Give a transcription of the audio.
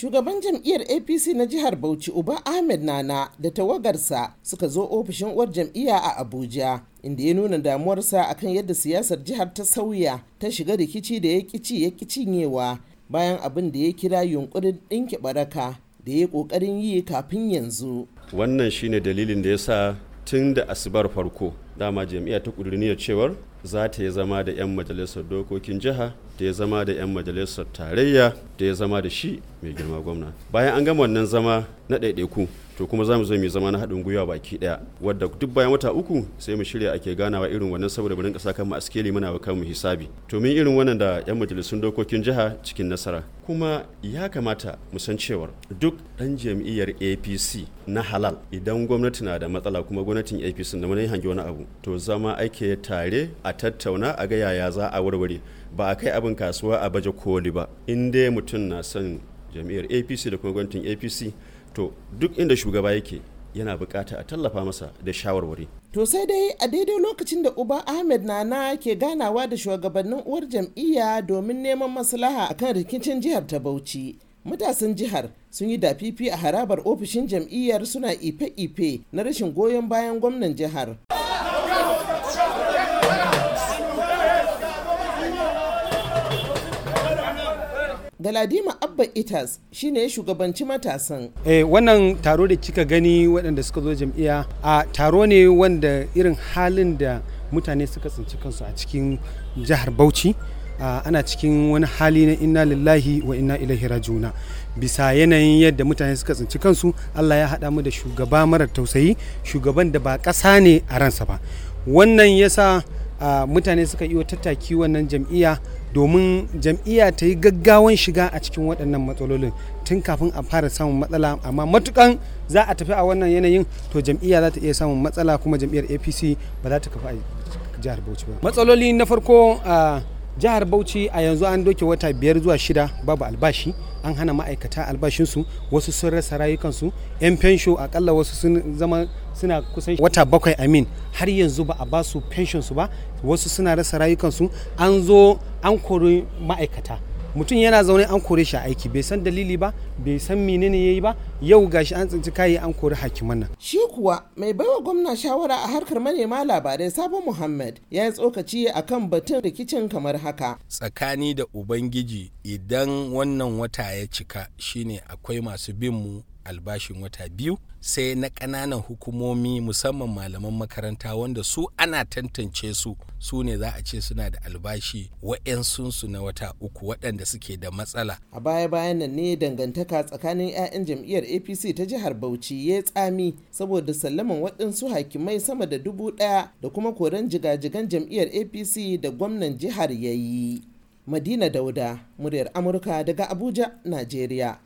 shugaban jam'iyyar apc na jihar bauchi uba ahmed nana da tawagarsa suka zo ofishin uwar jam'iyya a abuja inda ya nuna damuwarsa akan yadda siyasar jihar ta sauya ta shiga rikici da ya kici ya cinyewa bayan abin da ya kira yunkurin ɗinke baraka da ya ƙoƙarin yi kafin yanzu wannan shine dalilin da ya sa tun da asibar farko dama jami'a ta ƙudurniyar cewar za ta yi zama da 'yan majalisar dokokin jiha da ya zama da 'yan majalisar tarayya da ya zama da shi mai girma gwamna bayan an gama wannan zama na ɗaiɗaiku to kuma za mu zo mu zama na haɗin gwiwa baki ɗaya wadda duk bayan wata uku sai mu shirya ake ganawa irin wannan saboda mu rinka sakan mu askeli muna kan mu hisabi to mun irin wannan da yan majalisun dokokin jiha cikin nasara kuma ya kamata mu san cewar duk ɗan jam'iyyar APC na halal idan gwamnati na da matsala kuma gwamnatin APC na mun hange wani abu to zama ake tare a tattauna a ga yaya za a warware ba a kai abin kasuwa a baje koli ba in dai mutum na son jam'iyyar apc da kuma gwamnatin apc to duk inda shugaba yake yana bukata a tallafa masa da shawarwari to sai dai a daidai lokacin da uba ahmed nana ke ganawa da shugabannin uwar jam'iyya domin neman maslaha akan rikicin jihar ta bauchi matasan jihar sun yi dafifi a harabar ofishin jam'iyyar suna ife-ife na rashin goyon bayan gwamnan jihar. Galadima Abba Itas shine ya shugabanci matasan. Eh, wannan taro da kika gani waɗanda suka zo jam'iyya a taro ne wanda irin halin da mutane suka tsinci kansu a cikin jihar Bauchi. ana cikin wani hali na inna lillahi wa inna ilaihi rajuna bisa yanayin yadda mutane suka tsinci kansu Allah ya haɗa mu da shugaba mara tausayi shugaban da ba ƙasa ne a ransa ba wannan yasa mutane suka yi tattaki wannan jam'iyya domin jam'iyya ta yi gaggawan shiga a cikin waɗannan matsalolin tun kafin a fara samun matsala amma matukan za a tafi a wannan yanayin to jam'iyya za ta iya samun matsala kuma jam'iyyar apc ba za ta kafa a jihar bauchi ba matsaloli na farko a ah, jihar bauchi a yanzu an doke wata biyar zuwa shida babu albashi an hana ma'aikata albashinsu wasu sun rasa rayukansu 'yan fensho akalla wasu sun zama suna kusan wata bakwai amin har yanzu ba a ba su ba wasu suna rasa rayukansu an zo an kori ma'aikata mutum yana zaune an kore shi aiki bai san dalili ba bai san menene ya yi ba yau gashi an tsinci kayi an kori hakiman nan shi kuwa mai baiwa gwamna shawara a harkar manema labarai sabo muhammad ya yi tsokaci akan batun rikicin kamar haka tsakani da ubangiji idan wannan wata ya cika shine akwai masu bin mu albashin wata biyu sai na ƙananan hukumomi musamman malaman makaranta wanda su ana tantance su su ne za a ce suna da albashi wa'yansunsu na wata uku waɗanda suke da matsala a baya bayan nan ne dangantaka tsakanin 'ya'yan jam'iyyar apc ta jihar bauchi ya tsami saboda sallaman waɗansu hakimai sama da dubu ɗaya da kuma koren jigajigan jam'iyyar apc da gwamnan jihar ya yi madina dauda muryar amurka daga abuja najeriya